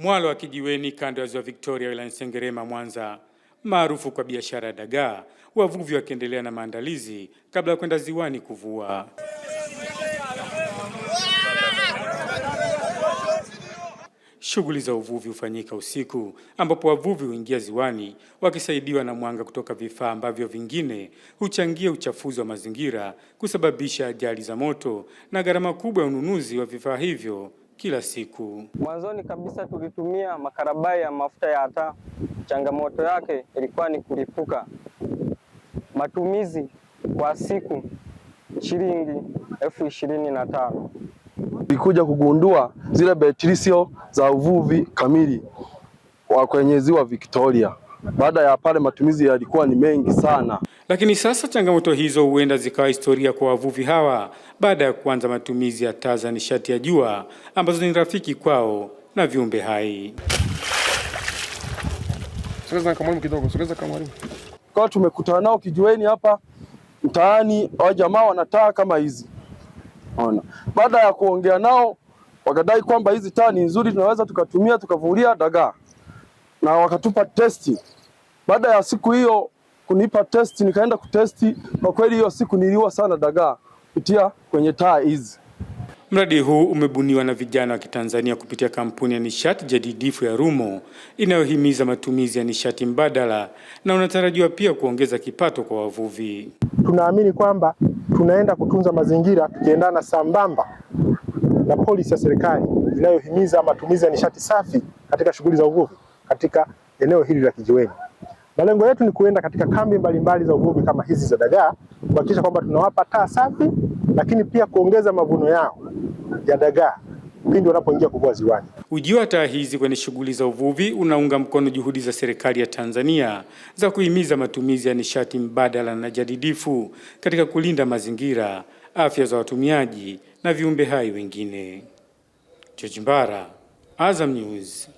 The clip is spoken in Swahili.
mwalo wa kijiweni kando ya ziwa Victoria wilayani Sengerema, Mwanza, maarufu kwa biashara ya dagaa, wavuvi wakiendelea na maandalizi kabla ya kwenda ziwani kuvua. Shughuli za uvuvi hufanyika usiku ambapo wavuvi huingia ziwani wakisaidiwa na mwanga kutoka vifaa ambavyo vingine huchangia uchafuzi wa mazingira, kusababisha ajali za moto na gharama kubwa ya ununuzi wa vifaa hivyo kila siku. Mwanzoni kabisa tulitumia makarabai ya mafuta ya taa. Changamoto yake ilikuwa ni kulipuka. Matumizi kwa siku shilingi elfu ishirini na tano. Nilikuja kugundua zile betri sio za uvuvi kamili wa kwenye ziwa Victoria. Baada ya pale matumizi yalikuwa ni mengi sana, lakini sasa changamoto hizo huenda zikawa historia kwa wavuvi hawa baada ya kuanza matumizi ya taa za nishati ya jua ambazo ni rafiki kwao na viumbe hai. Kwa tumekutana nao kijiweni hapa mtaani, wa jamaa wanataa kama hizi ona. Baada ya kuongea nao wakadai kwamba hizi taa ni nzuri, tunaweza tukatumia tukavulia dagaa na wakatupa testi. Baada ya siku hiyo kunipa testi, nikaenda kutesti. Kwa kweli hiyo siku niliwa sana dagaa kupitia kwenye taa hizi. Mradi huu umebuniwa na vijana wa Kitanzania kupitia kampuni ya nishati jadidifu ya Rumo inayohimiza matumizi ya nishati mbadala na unatarajiwa pia kuongeza kipato kwa wavuvi. Tunaamini kwamba tunaenda kutunza mazingira tukiendana sambamba na polisi ya serikali inayohimiza matumizi ya nishati safi katika shughuli za uvuvi katika eneo hili la kijiweni. Malengo yetu ni kuenda katika kambi mbalimbali mbali za uvuvi kama hizi za dagaa kuhakikisha kwamba tunawapa taa safi, lakini pia kuongeza mavuno yao ya dagaa pindi wanapoingia kuvua ziwani. Ujio wa taa hizi kwenye shughuli za uvuvi unaunga mkono juhudi za serikali ya Tanzania za kuhimiza matumizi ya nishati mbadala na jadidifu katika kulinda mazingira, afya za watumiaji na viumbe hai wengine. George Mbara, Azam News.